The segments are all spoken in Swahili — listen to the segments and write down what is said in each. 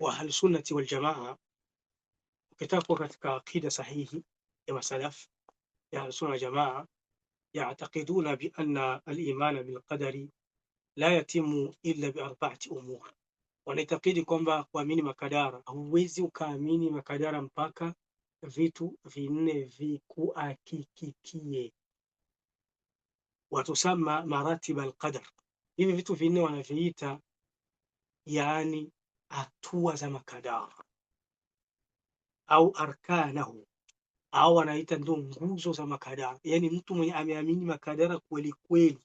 wa ahlusunnati waljamaa, ukitaka kuwa katika aqida sahihi ya masalaf ya ahlusunna waljamaa, yatakiduna bianna alimana bilqadari la yatimu illa biarbaati umur, wanaitakidi kwamba kuamini makadara, huwezi ukaamini makadara mpaka vitu vinne vikuakikikie, watusama maratiba alqadar. Hivi vitu vinne wanaviita yaani hatua za kadhaa au arkanahu au anaita ndio nguzo za makadara. Yani mtu mwenye ameamini makadara kweli kweli,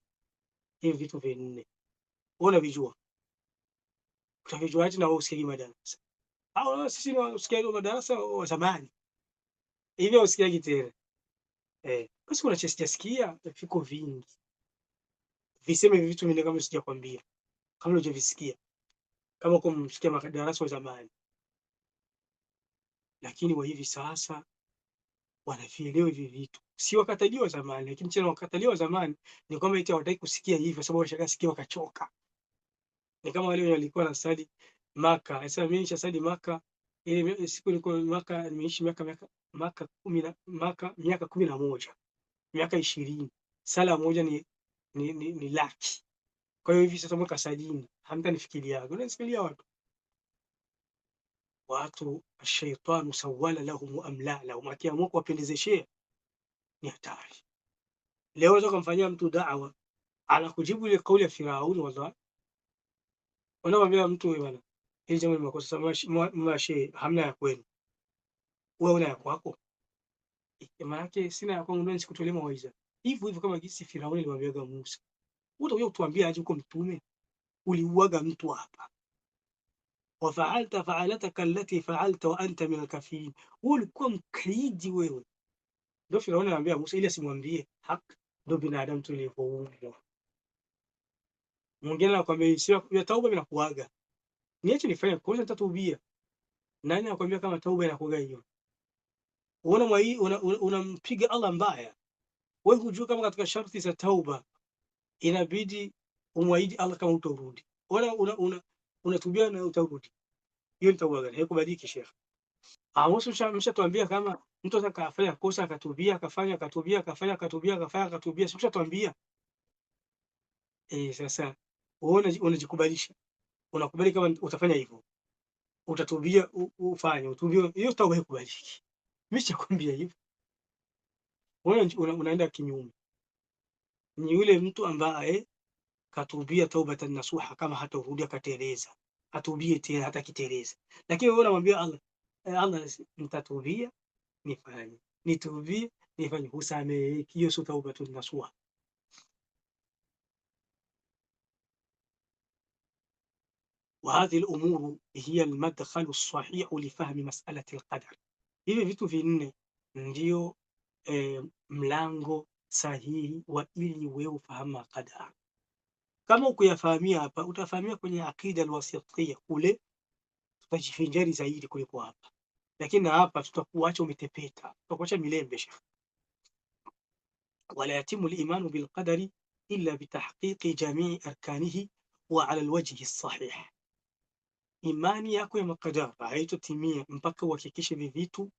hivi vitu vinne unavijua, utavijua hata na wewe usikie madarasa au na sisi usikie madarasa wa zamani hivi, usikie kitere eh, basi kuna chesi sikia, viko vingi viseme vitu mimi kama sijakwambia, kama hujavisikia kama kumsikia madarasa wa zamani, lakini wa hivi sasa wanavielewa hivi vitu. Si wakataliwa zamani, lakini tena wakataliwa zamani ni kwamba eti hawataki kusikia hivi, kwa sababu washakasikia wakachoka. Ni kama wale wenye walikuwa na sadi Maka, sasa mimi nisha sadi Maka ile siku niko Maka, nimeishi miaka miaka Maka kumi na Maka miaka kumi na moja miaka ishirini sala moja ni, ni, ni, ni laki kwa hiyo hivi sasa mweka sajini, hamtanifikiria unanifikiria watu watu, ashaitanu sawala lahum amla lahum, akiamua kuwapendezeshea ni hatari. Leo unaweza kumfanyia mtu da'wa kujibu ile kauli ya Firauni, wala unamwambia mtu wewe bwana, hili jambo limekosa makosa, mmashe hamna ya kwenu, wewe una ya kwako, maana yake sina ya kwangu, ndio sikutolea mawaiza hivyo hivyo, kama jinsi Firauni alimwambia Musa utakuja kutuambia aje huko mtume uliuaga mtu hapa wa fa'alta faalataka allati faalta wa anta min alkafirin, wewe ulikuwa mkaidi wewe. Ndio Firauni anaambia Musa ili asimwambie haki. Ndio binadamu tulivyoumbwa. Mwingine anakuambia isiyo ya tauba inakuaga, niache nifanye kosa, nitatubia. Nani anakuambia kama tauba inakuaga hiyo? Unampiga una, una, Allah mbaya. Wewe hujua kama katika sharti za tauba inabidi umwahidi Allah kama utarudi, wala unatubia una, una na utarudi, hiyo ni tauba gani? Haikubaliki Sheikh Amos. Ah, mshatwambia kama mtu atakafanya kosa akatubia akafanya akatubia akafanya akatubia akafanya akatubia, si mshatwambia eh? Sasa wewe unajikubalisha, unakubali kama utafanya hivyo, utatubia ufanye utubie, hiyo tawaga haikubaliki. Mimi sikwambia hivyo, wewe unaenda kinyume ni yule mtu ambaye katubia taubatan nasuha, kama hatarudia kateleza, atubie tena hata kiteleza. Lakini wewe unamwambia Allah, eh, Allah, nitatubia nifanye, nitubie nifanye, husamehe. Hiyo sio taubatun nasuha. wa hadhihi al-umuru hiya al-madkhalu as-sahihu li fahmi mas'alati al-qadar. Hivi vitu vinne ndio eh, mlango sahihi wa ili wewe ufahamu akada. Kama ukuyafahamia hapa, utafahamia kwenye akida alwasitiya kule, tutajifinjari zaidi kuliko hapa, lakini hapa tutakuacha umetepeta, tutakuacha milembe. Sheikh, wala yatimu limanu bilqadari illa bitahqiqi jamii arkanihi wa ala alwajhi sahih, imani yako ya makadara haitotimia mpaka uhakikishe vivitu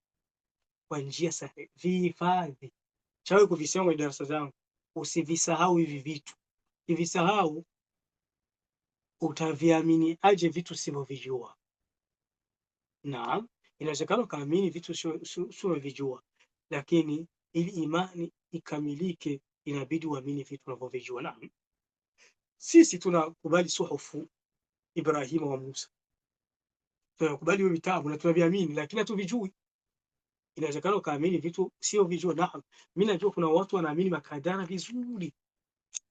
kwa njia sahihi, vihifadhi chawe kuvisema kwenye darasa zangu, usivisahau hivi vitu. Kivisahau utaviamini aje vitu usivyovijua? Na inawezekana ukaamini vitu usivyovijua, lakini ili imani ikamilike inabidi uamini vitu unavyovijua. Na sisi tunakubali suhufu Ibrahima wa Musa, tunakubali hiyo vitabu na tunaviamini, lakini hatuvijui inawezekana ukaamini vitu sio vizuri, na mimi najua kuna watu wanaamini makadara vizuri,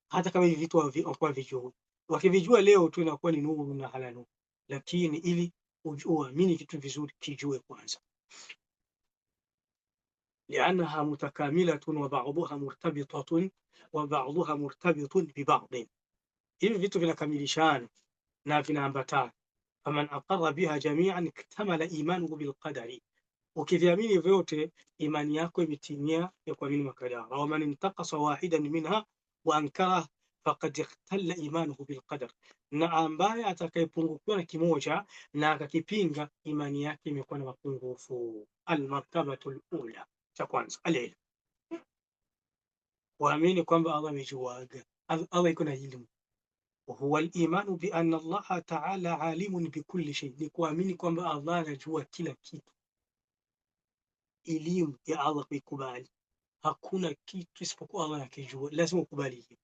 hata kama hivi vitu hawakuwa vijui. Wakivijua leo tu inakuwa ni nuru na hala nuru, lakini ili uamini kitu vizuri kijue kwanza, liannaha mutakamilatun wa ba'dhuha murtabitatun wa ba'dhuha murtabitun bi ba'dhin, hivi vitu vinakamilishana na vinaambatana. Faman aqarra biha jami'an iktamala imanuhu bilqadari ukiviamini vyote imani yako imetimia ya kuamini makadara. Wa man intakasa wahidan minha wa ankara faqad ikhtalla imanuhu bilqadar, na ambaye atakayepungukiwa na kimoja na akakipinga imani yake imekuwa na mapungufu. Almartabatu lula, cha kwanza alilmu, waamini kwamba Allah amejuaga, Allah iko na ilmu huwa limanu anna Allah taala alimun bikulli shay, ni kuamini kwamba Allah anajua kila kitu elimu ya Allah kuikubali. Hakuna kitu isipokuwa Allah anakijua, lazima ukubali hiyo.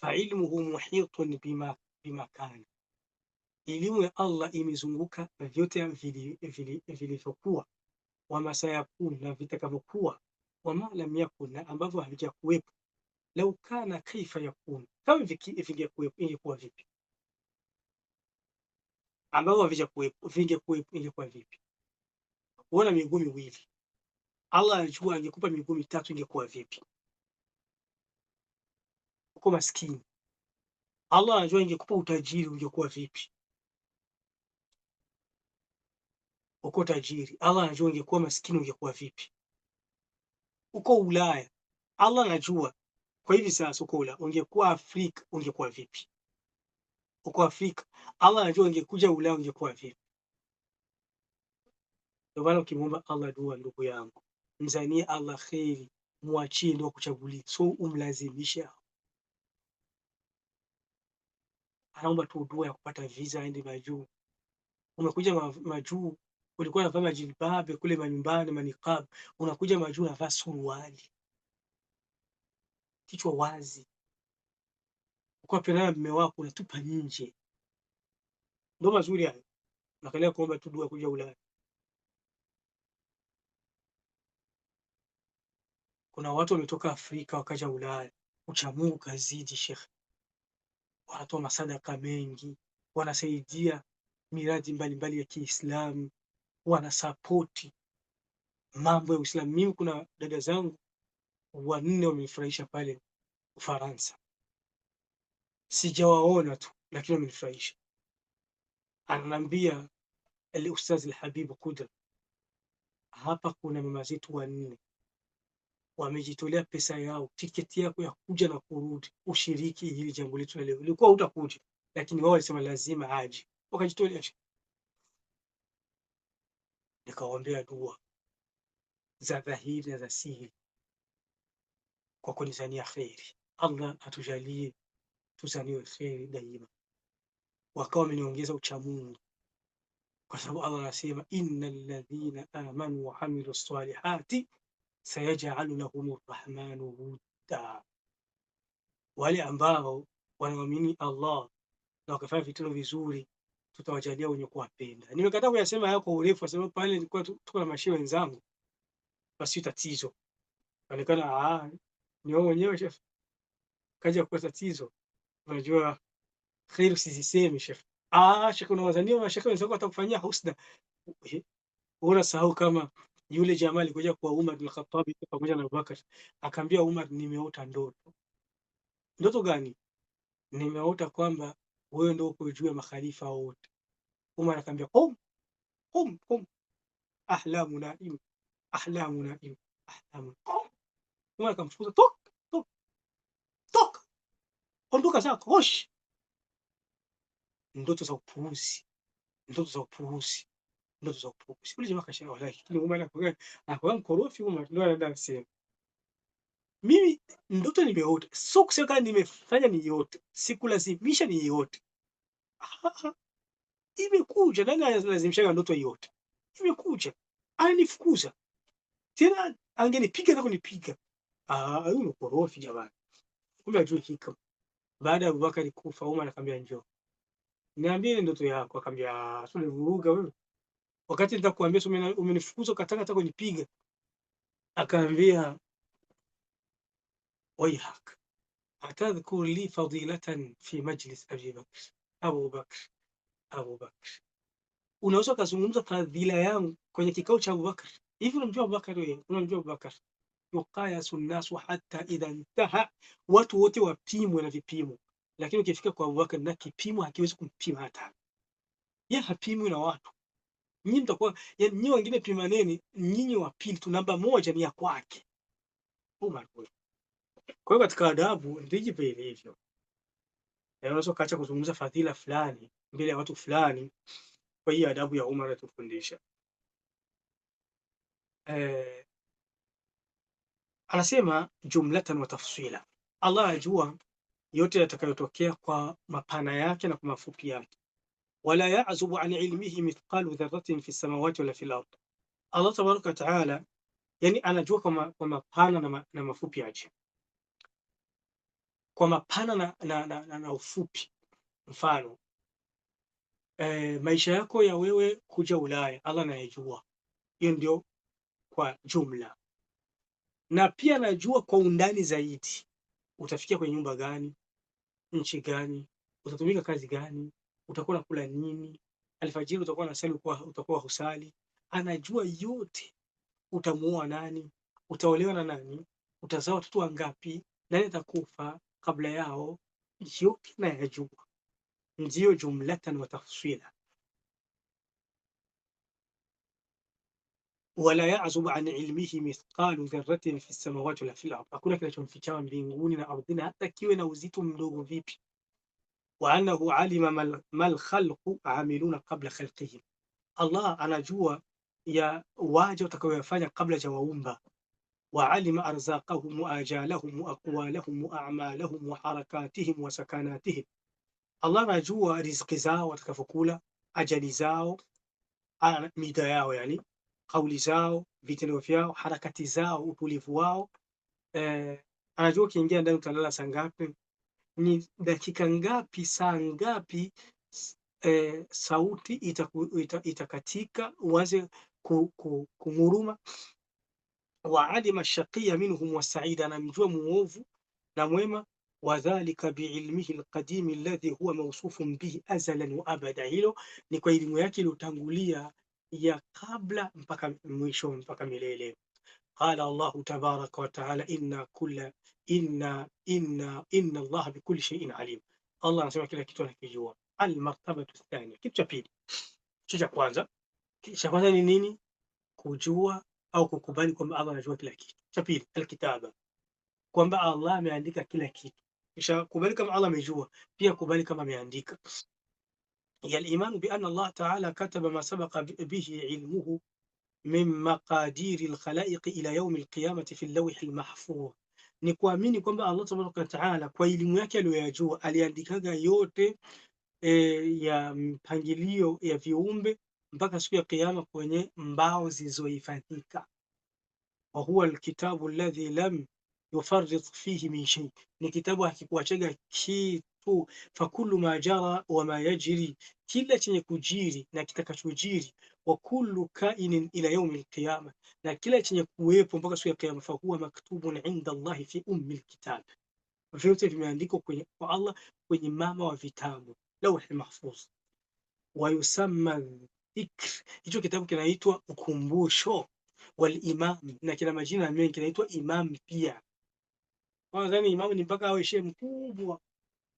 Fa ilmuhu muhitun bima bima kana, elimu ya Allah imezunguka na vyote vilivyokuwa, masayakun, na vitakavyokuwa, ma lam yakun na ambavyo havijakuwepo. Lau kana kaifa yakun, kama vingekuwepo ingekuwa vipi? Ambavyo havijakuwepo vingekuwepo ingekuwa vipi? Uona miguu miwili, Allah anachukua, angekupa miguu mitatu ingekuwa vipi? Uko maskini, Allah anajua, ingekupa utajiri ungekuwa vipi? Uko tajiri, Allah anajua, ingekuwa maskini ungekuwa vipi? Uko Ulaya, Allah anajua kwa hivi sasa uko Ulaya, ungekuwa Afrika ungekuwa vipi? Uko Afrika, Allah anajua, ungekuja Ulaya ungekuwa vipi? Ndio maana ukimwomba Allah dua, ndugu yangu, mzanie Allah kheri, muachie ndio kuchagulia, so umlazimisha. Anaomba tu dua ya kupata visa aende majuu. Umekuja majuu ulikuwa unavaa majilbabe kule manyumbani maniqab, unakuja majuu unavaa suruali, kichwa wazi, ukiwa pendana mme wako unatupa nje. Ndio mazuri hayo, nakalia kuomba tu dua kuja Ulaya kuna watu wametoka Afrika wakaja Ulaya, uchamungu kazidi shekhe, wanatoa masadaka mengi, wanasaidia miradi mbalimbali mbali ya Kiislamu, wanasapoti mambo ya Uislamu. Mimi kuna dada zangu wanne wamenifurahisha pale Ufaransa, sijawaona tu lakini wamenifurahisha. Ananiambia Ustaz Alhabibu Kudra, hapa kuna mama zetu wanne wamejitolea pesa yao, tiketi yako ya kuja na kurudi, ushiriki hili jambo letu la leo. Ilikuwa utakuja, lakini wao walisema lazima aje, wakajitolea. Nikawaombea dua za dhahiri na za siri kwa kunizania kheri. Allah atujalie tuzaniwe kheri daima. Wakawa wameniongeza uchamungu kwa sababu Allah anasema, innal ladhina amanu wa amilu salihati sayajalu lahum rrahmanu wudda, wale ambao wanamwamini Allah na wakafanya vitendo vizuri tutawajalia wenye kuwapenda. Nimekataa kuyasema haya kwa urefu, sababu pale nilikuwa tuko na mashehe wenzangu, basi tatizo onekana ah, ni wao wenyewe shef, kaja kuwa tatizo. Unajua kheri usizisemi shef, shekh, ah, unawazania mashehe wenzako watakufanyia husda, unasahau kama yule jamaa alikuja kwa Umar bin Khattab pamoja na Abubakar, akaambia Umar, nimeota ndoto. Ndoto gani? Nimeota kwamba wewe ndio uko juu ya makhalifa wote. Umar akaambia qum qum qum, ahlamu naim ahlamu naim ahlamu. Umar akamfukuza tok tok tok, ondoka zako, hosh. Ndoto za upuuzi, ndoto za upuuzi ndoto za upupu. Siku jamaa kashaoa, lakini ngoma anakuwa anakuwa mkorofi ngoma ndio anaenda msema. Mimi ndoto nimeota, sio kusema kama nimefanya niyote, sikulazimisha niyote. Imekuja nani analazimisha ndoto yote? Imekuja alinifukuza tena, angenipiga na kunipiga. Ah, huyu ni korofi jamani, kumbe ajui hikam. Baada ya Abubakari kufa, Umar akamwambia njoo niambie ndoto yako, akamwambia tulivuruga ah, wewe wakati nitakuambia umenifukuza ukataka hata kunipiga. Akaambia wayhak atadhkur li fadilatan fi majlis abi bakr abu bakr abu bakr, unaweza ukazungumza fadhila yangu kwenye kikao cha Bakr. Hivi unamjua Abubakar wewe? Unamjua Abubakar? yuqayasu nnasu hata idha ntaha, watu wote wapimwe na vipimo, lakini ukifika kwa Bakr na kipimo hakiwezi kumpima hata ya hapimwi na watu nyinyi mtakuwa yani, nyinyi wengine pimaneni, nyinyi wa pili tu, namba moja ni ya kwake. Oh kwa hiyo katika adabu ndijipe ilivyo. Yaani unaweza ukaacha kuzungumza fadhila fulani mbele ya watu fulani. Kwa hiyo adabu ya Umar atufundisha eh, anasema jumlatan wa tafsila, Allah ajua yote yatakayotokea kwa mapana yake na kwa mafupi yake wala yazubu an ilmihi mithqalu dharratin fi samawati wala fil ard. Allah tabaraka wa taala, yani anajua kwa mapana na, na mafupi aje, kwa mapana na, na, na, na ufupi. Mfano e, maisha yako ya wewe kuja Ulaya Allah anayejua hiyo, ndio kwa jumla, na pia anajua kwa undani zaidi, utafikia kwenye nyumba gani, nchi gani, utatumika kazi gani utakuwa unakula nini, alfajiri utakuwa unasali, utakuwa husali. Anajua yote, utamuoa nani, utaolewa na nani, utazaa watoto wangapi, nani atakufa kabla yao, yote nayajua. Ndiyo jumlatan wa tafsila. wala yazubu an ilmihi mithqalu dharratin fi samawati wala fil ard, hakuna kinachomfichama mbinguni na ardhini, hata kiwe na uzito mdogo vipi wa annahu alima mal khalqu amiluna qabla khalqihim, Allah anajua ya waja watakayoyafanya kabla ya waumba. Wa alima arzaqahum wa ajalahum wa aqwalahum wa a'malahum wa harakatihim wa sakanatihim, Allah anajua riziki zao watakavyokula, ajali zao, mida yao, yani kauli zao, vitendo vyao, harakati zao, utulivu wao. Eh, anajua ukiingia ndani utalala saa ngapi ni dakika ngapi, saa ngapi e, sauti itakatika ita, ita uanze kunguruma. Wa alima shaqiya minhum wasaida, anamjua muovu na mwema. Wadhalika biilmihi alqadimi alladhi huwa mausufun bihi azalan wa abada, hilo ni kwa elimu yake iliyotangulia ya kabla mpaka mwisho mpaka milele. قال الله تبارك وتعالى إن كل إن إن إن الله بكل شيء عليم الله نسمع كذا كتير كيجوا المرتبة الثانية كيف تفيد شو جا كوانزا شو كوانزا نيني كوجوا أو كوكباني كم الله نجوا كذا كتير تفيد الكتابة كم بقى الله ما عندك كذا كتير مشا كوبالي كم الله مجوا فيها كوبالي كم ما عندك هي الإيمان بأن الله تعالى كتب ما سبق به علمه min maqadiri lkhalaiqi ila yaumi lqiyamati fi llawhi lmahfudh, ni kuamini kwamba Allah wa taala kwa elimu yake aliyoyajua aliandikaga yote e, ya mpangilio ya viumbe mpaka siku ya Kiyama kwenye mbao zilizohifadhika. huwa lkitabu alladhi lam yufarrit fihi min shay, ni kitabu hakikuachaga kitu. Fakulu ma jara wa ma yajri, kila chenye kujiri na kitakachojiri. Wa kullu kainin ila yaumi alqiyama, na kila chenye kuwepo mpaka siku ya Kiyama. Fahuwa maktubun inda Allahi fi ummi alkitab, vyote vimeandikwa kwa Allah kwenye mama wa vitabu lauhi mahfudh. Wa yusamma dhikr, hicho kitabu kinaitwa ukumbusho. Wal imam, na kina majina mengi, kinaitwa imam pia Nadhani imamu ni mpaka awe shehe mkubwa.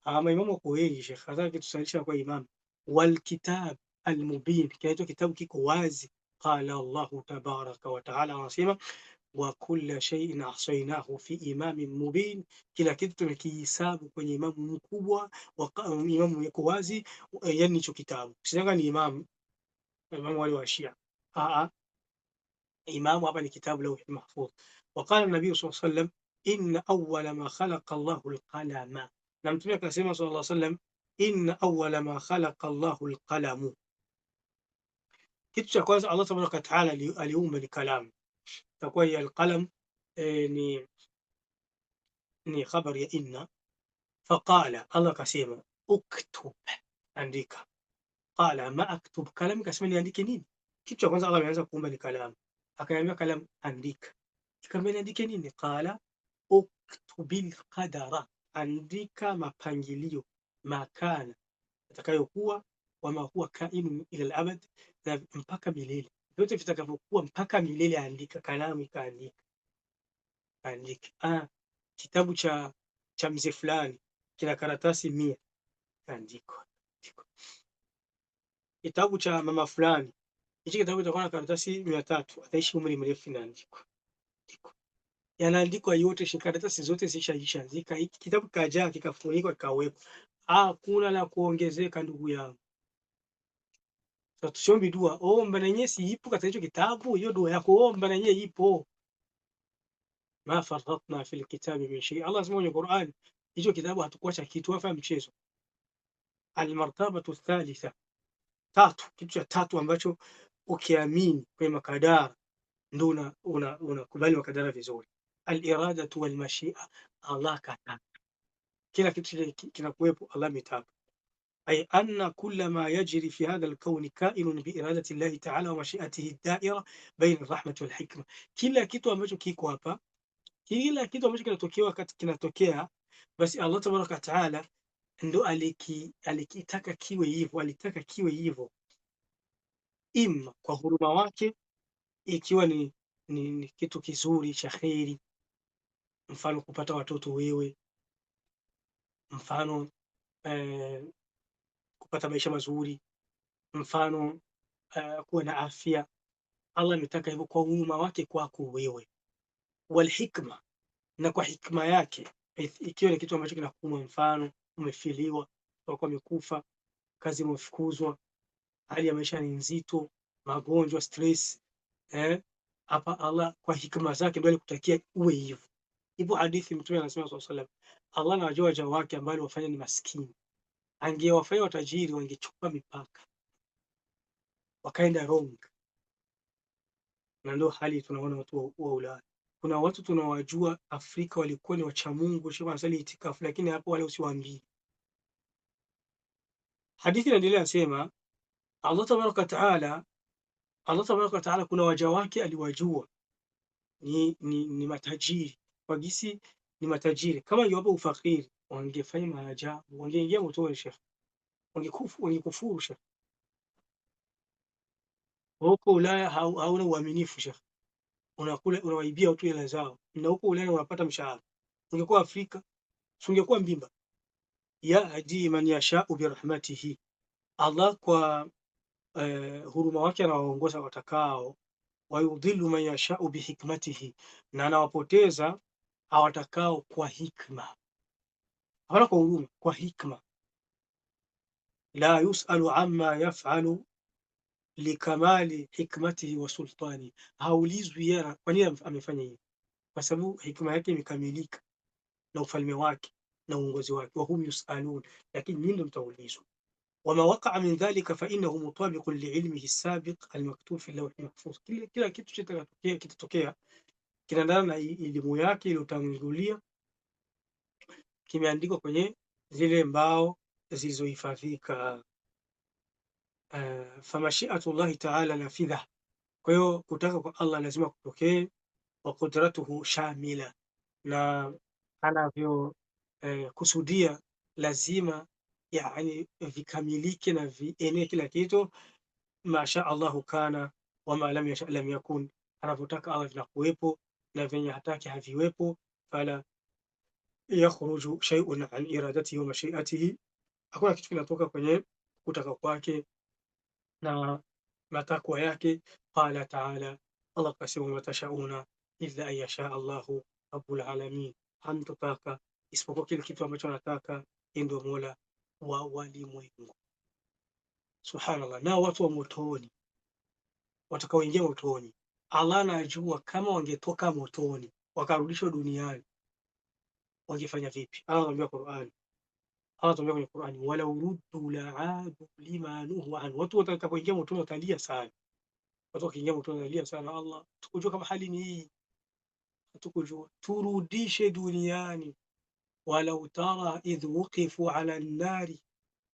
Ama imamu wako wengi shekhe, hata kitusalisha kwa imamu wal kitab walkitab almubin, kinaitwa kitabu kiko wazi. Qala Allahu tabaraka wa taala, anasema wa kulla shay'in ahsaynahu fi imamin mubin, kila kitu tumekihisabu kwenye imamu mkubwa, wa imamu yako wazi. Yani hicho kitabu sidhani ni imamu imamu wale wa Shia, a a imamu hapa ni kitabu Lauhul Mahfudh. Waqala nabii sallallahu alayhi wasallam إن أول ما خلق الله القلم نعم تبقى صلى الله عليه وسلم إن أول ما خلق الله القلم كتب شكواز الله سبحانه وتعالى اليوم الكلام تقول القلم ني ني خبر يا إن فقال الله كسيما أكتب عندك قال ما أكتب كلام كسيما عندك نين كتب شكواز الله يعني كلام أكلم كلام عندك كم عندك نين قال Uktubil qadara, andika mapangilio makana, atakayokuwa wama huwa kaimu ila alabad, na mpaka milele, vyote vitakavyokuwa mpaka milele andika. Kalamu ikaandika andika. Ah, kitabu cha, cha mzee fulani kina karatasi mia, andiko. Kitabu cha mama fulani hichi kitabu kitakuwa na karatasi mia tatu, ataishi umri mrefu, inaandikwa yanaandikwa yote, shikaratasi zote zishaisha, zika kitabu kikajaa, kikafunikwa, kikawekwa, ah, hakuna la kuongezeka. Ndugu yangu, tusiombi dua, omba oh, na nyesi ipo katika hicho kitabu? Hiyo dua ya kuomba oh, na nyesi ipo. ma farratna fil kitabi min shay, Allah asema kwenye Qur'an, hicho kitabu hatukuacha kitu, afa mchezo. Almartabatu thalitha, tatu, kitu cha tatu ambacho ukiamini kwenye makadara ndio una unakubali una, una makadara vizuri. الإرادة والمشيئة الله كتاب كنا كتشي كنا كويب الله متاب أي أن كل ما يجري في هذا الكون كائن بإرادة الله تعالى ومشيئته الدائرة بين الرحمة والحكمة كلا كتو أمجو كيكو أبا كلا كتو أمجو كنا توكيوا كنا توكيها بس الله تبارك وتعالى ndo aliki aliki itaka kiwe hivyo alitaka kiwe hivyo im kwa huruma wake ikiwa ni, ni, ni kitu kizuri mfano kupata watoto wewe, mfano eh, kupata maisha mazuri, mfano eh, kuwa na afya. Allah ametaka hivyo kwa uuma wake kwako wewe, walhikma, na kwa hikma yake, ikiwa ni kitu ambacho kinakuma, mfano umefiliwa, wako amekufa kazi imefukuzwa, hali ya maisha ni nzito, magonjwa, stress eh, hapa Allah kwa hikma zake ndio alikutakia uwe hivyo. Ipo hadithi Mtume anasema swalla salam, Allah anawajua waja wake ambao aliwafanya ni maskini. Angewafanya watajiri, wangechupa mipaka wakaenda wrong, na ndio hali tunaona watu wa Ulaya. Kuna watu tunawajua Afrika walikuwa ni Mungu, shema asali itikafu, lakini hapo wale usiwaambie. Hadithi inaendelea anasema Allah tabaraka wa taala, Allah tabaraka taala kuna waja wake aliwajua ni, ni, ni matajiri kwa gisi ni matajiri. Kama ingewapo ufakiri, wangefanya maajabu, wangeingia motoni shekhe, wangekufuru shekhe. Huko Ulaya hauna uaminifu shekhe, unakula unawaibia watu hela zao, na huko Ulaya unapata mshahara. Ungekuwa Afrika ungekuwa mbimba. Yahdi man yashau birahmatihi, Allah kwa eh, huruma wake anawaongoza watakao wayudhilu man yashau bihikmatihi, na anawapoteza awatakao kwa hikma, hapana kwa huruma, kwa hikma. La yusalu amma yafalu likamali hikmatihi wa sultani, haulizwi yeye kwa nini amefanya hivi, kwa sababu hikma yake imekamilika na ufalme wake na uongozi wake. Wahum yusalun, lakini nyinyi ndio mtaulizwa. Wama wakaa min dhalika fainahu mutabiqun liilmihi sabiq almaktub fi lawhi mahfuz. Kila kitu kitatokea kinaendana na elimu yake iliyotangulia, kimeandikwa kwenye zile mbao zilizohifadhika. Uh, eh, famashiatullahi taala nafidha, kwa hiyo kutaka kwa Allah lazima kutokee. Wa qudratuhu shamila, na anavyokusudia eh, lazima yani vikamilike na vienee kila kitu. Masha allahu kana wama lam yasha lam yakun, anavyotaka Allah vinakuwepo na venye hataki haviwepo, fala yakhruju shay'un an iradatihi wa mashiatihi, hakuna kitu kinatoka kwenye kutaka kwake na matakwa yake. Qala taala, Allah kasema watashauna illa an yasha Allahu rabbul alamin, hamtotaka isipokuwa kile kitu ambacho anataka ndio mola wa walimwengu. Subhanallah, nao watu wa motoni watakaoingia motoni Allah anajua kama wangetoka motoni wakarudishwa duniani wangefanya vipi? Allah anatuambia Qur'an, Allah anatuambia kwenye Qur'an, wala uruddu la adu lima nuhu an, watu watakapoingia motoni watalia sana. Watu wakiingia motoni watalia sana, Allah, tukujua kama hali ni hii, tukujua, turudishe duniani. Walau tara idh wuqifu ala an-nari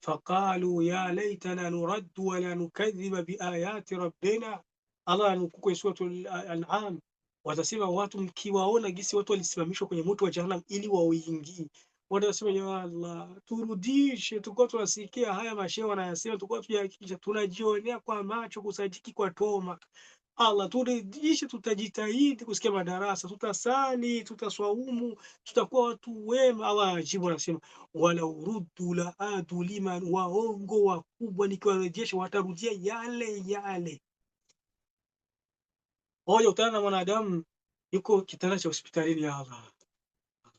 faqalu ya laitana nuraddu wala nukadhiba biayati rabbina Allah anuku kwenye al An'am, watasema watu mkiwaona gisi watu walisimamishwa kwenye moto wa Jahannam ili wauingie. Watu wasema ya Allah, turudishe, tulikuwa tunasikia haya mashehe wanayasema, tulikuwa tujahakikisha, tunajionea kwa macho kusajiki kwa toma. Allah, turudishe, tutajitahidi kusikia madarasa, tutasali, tutaswaumu, tutakuwa watu wema. Allah ajibu, anasema wala urudu la adu liman, waongo wakubwa nikiwarejesha watarudia yale yale moja oh, utana na mwanadamu yuko kitanda cha hospitalini, ya Allah.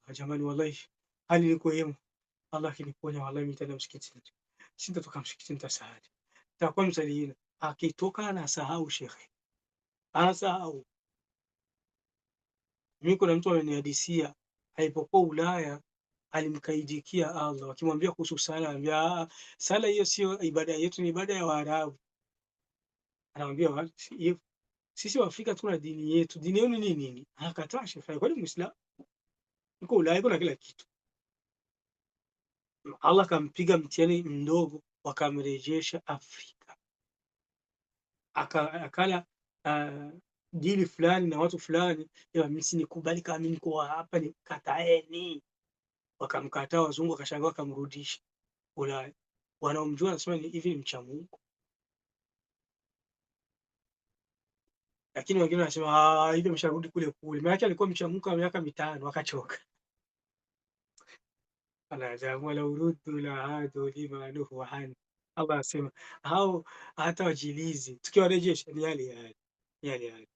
Ah, jamani, wallahi hali ah, ni kuhimu, Allah kiniponya, wallahi nitaenda msikitini, sitatoka msikitini, tasahali takuwa msaliina. Akitoka anasahau shekhe, anasahau. Mimi kuna mtu amenihadisia alipokuwa Ulaya alimkaidikia Allah, akimwambia kuhusu sala, anambia sala hiyo sio ibada yetu, ni ibada ya Waarabu. Anamwambia sisi Waafrika tuna dini yetu. Dini yenu ni nini? Akakataa ah, Sheikh Faik, kwani Muislamu uko Ulaya, iko na kila kitu. Allah kampiga mtihani mdogo, wakamrejesha Afrika, akala uh, ah, dili fulani na watu fulani, yaani, mimi sinikubali, kama mimi niko hapa nikataeni. Wakamkataa wazungu, akashangaa, wakamrudisha Ulaya. Wanaomjua wanasema hivi ni mcha Mungu Lakini wengine wanasema ah, ile kule kule. Maana alikuwa mchamungu miaka mitano akachoka. hao hata wajilizi tukiwarejesha ni yale yale. Yale yale.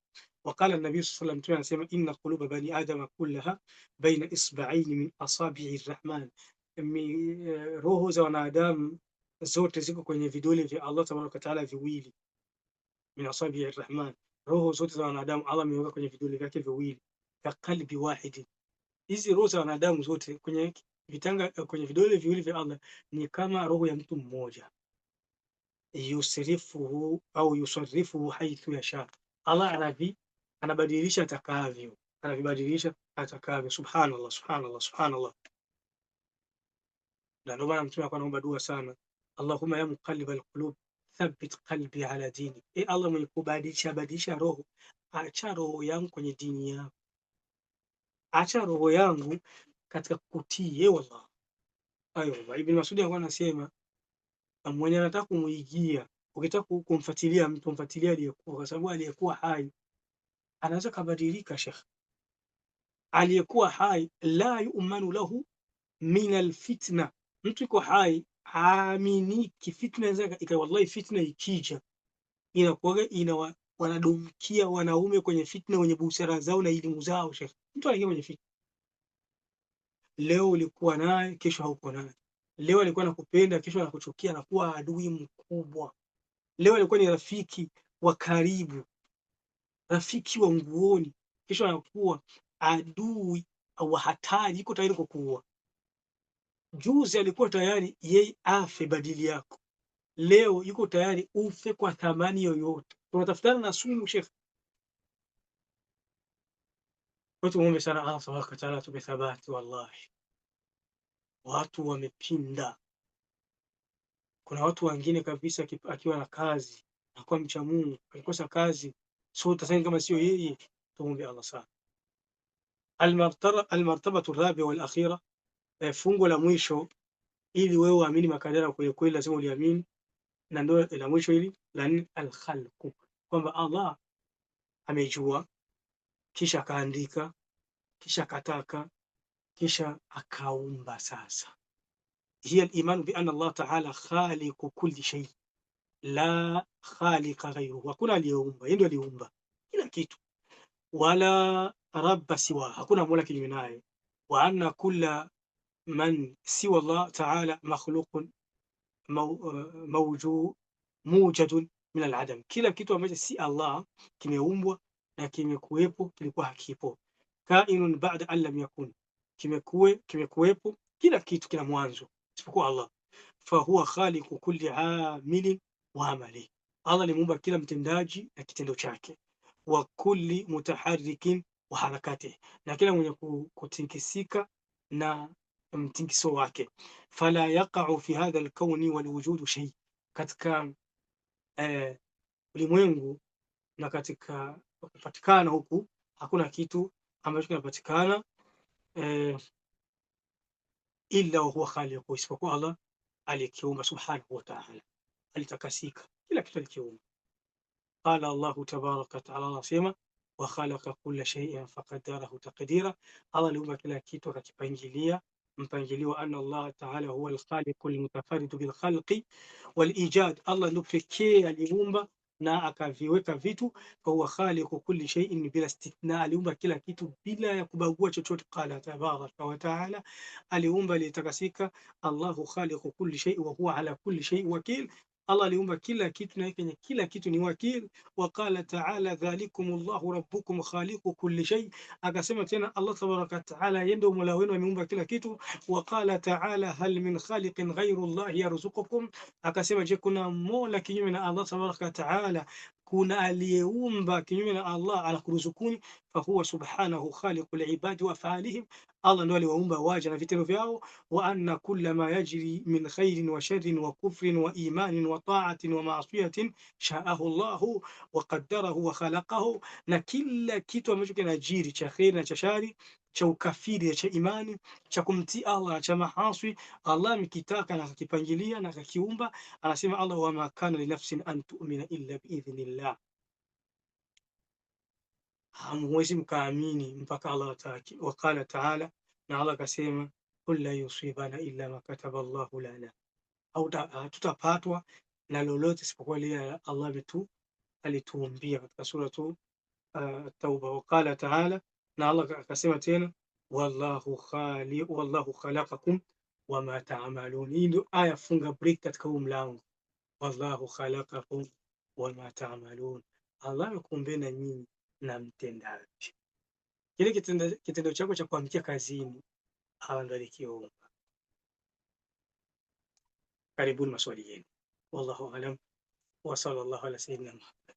Wakala Nabii sallallahu alaihi wasallam anasema inna quluba bani adam kullaha baina isbaain min asabi'i rahman eh, Roho za wanadamu zote ziko kwenye vidole vya Allah tabaraka taala viwili min asabi'i rrahman roho zote za wanadamu Allah ameweka kwenye vidole vyake viwili ka kalbi wahidi. Hizi roho za wanadamu zote kwenye vitanga, kwenye vidole viwili vya Allah ni kama roho ya mtu mmoja. Yusrifuhu au yusarifuhu haithu yasha, Allah anavi anabadilisha atakavyo, anavibadilisha atakavyo. Subhanallah, subhanallah, subhanallah. Na ndio maana mtume akawa anaomba dua sana, Allahumma ya muqallibal qulub thabit qalbi ala dini. E Allah mwenye kubadilisha badilisha roho, acha roho yangu kwenye dini yako, acha roho yangu katika kutii. E wallah, ayo Ibn Masudi alikuwa anasema mwenye anataka kumuigia, ukitaka kumfuatilia mtu mfuatilia aliyekuwa, kwa sababu aliyekuwa hai anaweza kabadilika. Sheikh aliyekuwa hai la yu'manu lahu min alfitna, mtu yuko hai haaminiki. Fitna inaweza ika, wallahi fitna ikija inakuwa ina wanadumkia wanaume kwenye fitna, wenye busara zao na elimu zao. Sheikh, mtu anaingia kwenye fitna, leo ulikuwa naye, kesho hauko naye. Leo alikuwa anakupenda, kesho anakuchukia, anakuwa adui mkubwa. Leo alikuwa ni rafiki wa karibu, rafiki wa nguoni, kesho anakuwa adui au hatari, iko tayari kukuua. Juzi alikuwa tayari yeye afe badili yako, leo yuko tayari ufe kwa thamani yoyote. Tunatafutana na sumu, shekhe. Tumuombe sana Allah tabaraka wataala tupe thabati. Wallahi, watu wamepinda. Kuna watu wengine kabisa, akiwa na kazi akuwa mcha Mungu, akikosa kazi so tasani kama sio yeye. Tumuombe Allah sana. Almartabatu rabia walakhira eh, fungo la mwisho ili wewe uamini makadara kwa kweli, lazima uliamini, na ndio la mwisho hili la nini, alkhalqu, kwamba Allah amejua kisha akaandika kisha akataka kisha akaumba. Sasa hiya al-iman bi anna Allah taala khaliqu kulli shay la khaliqa ghayruhu, hakuna aliyeumba, yeye ndiye aliumba kila kitu, wala rabba siwa, hakuna mola kinyume naye, wa anna kulla من سوى الله تعالى makhluq mujad min aladam, kila kitu ambacho si Allah kimeumbwa na kimekuwepo, kilikuwa hakipo. Kainun ba'da an lam yakun, kimekuwepo, kila kitu kina mwanzo isipokuwa Allah. Fahuwa khaliqu kulli amilin wa amali, Allah limeumba kila mtendaji na kitendo chake. Wa kulli mutaharikin wa harakati, na kila mwenye kutingizika na mtingiso wake. Fala yaqau fi hadha alkauni walwujudu shay, katika eh, ulimwengu na katika kupatikana huku hakuna kitu ambacho kinapatikana eh, illa wahuwa khaliqu, isipokuwa Allah aliyekiumba subhanahu wa ta'ala, alitakasika kila kitu alikiumba. Qala Allahu tabaraka wataala, anasema wa khalaqa kulla shay'in faqadarahu taqdira, Allah aliumba kila kitu akakipangilia mpangilio wa anna Allah taala huwa alkhaliqu almutafaridu bilkhalqi walijad, Allah ndio pekee aliumba na akaviweka vitu. Fahuwa khaliqu kulli shay'in bila istithna, aliumba kila kitu bila ya kubagua chochote. Qala tabaraka wa taala, aliumba aliyetakasika. Allahu khaliqu kulli shay'in wa huwa ala kulli shay'in wakil. Allah aliumba kila kitu na kwenye kila kitu ni wakil. Waqala taala dhalikum llahu rabbukum khaliqu kulli shay, akasema tena Allah tabaraka wataala yendo mola wenu ameumba kila kitu. Waqala taala hal min khaliqin ghairu llahi yarzuqukum, akasema je, kuna mola kinyume na Allah tabaraka taala كون اليوم كنيوم الله على كرزكون فهو سبحانه خالق العباد وافعالهم الله نو اللي وومبا في تلو وان كل ما يجري من خير وشر وكفر وايمان وطاعه ومعصيه شاءه الله وقدره وخلقه نكل كيتو مشكنا جيري تشخير تشاري cha ukafiri cha imani cha kumtii Allah na cha mahaswi. Allah mikitaka na akakipangilia na kakiumba Anasema Allah, wama kana linafsin an tu'mina illa biidhnillah, hamwezi mkaamini mpaka Allah ataki. Waqala taala, na Allah akasema, qul la yusibana illa ma kataba Allahu lana, tutapatwa na lolote isipokuwa lile Allah ametu alituumbia katika suratu uh, Tauba. Waqala taala na Allah akasema tena wallahu khali wallahu khalaqakum wama taamalun. Hii ndio aya funga break katika huu mlango, wallahu khalaqakum wama taamalun. Allah amekuumbeni nyinyi na mtendaji, kile kitendo chako cha kuamkia kazini, Allah ndo alikiumba. Karibuni maswali yenu, wallahu alam wa sallallahu ala sayyidina Muhammad.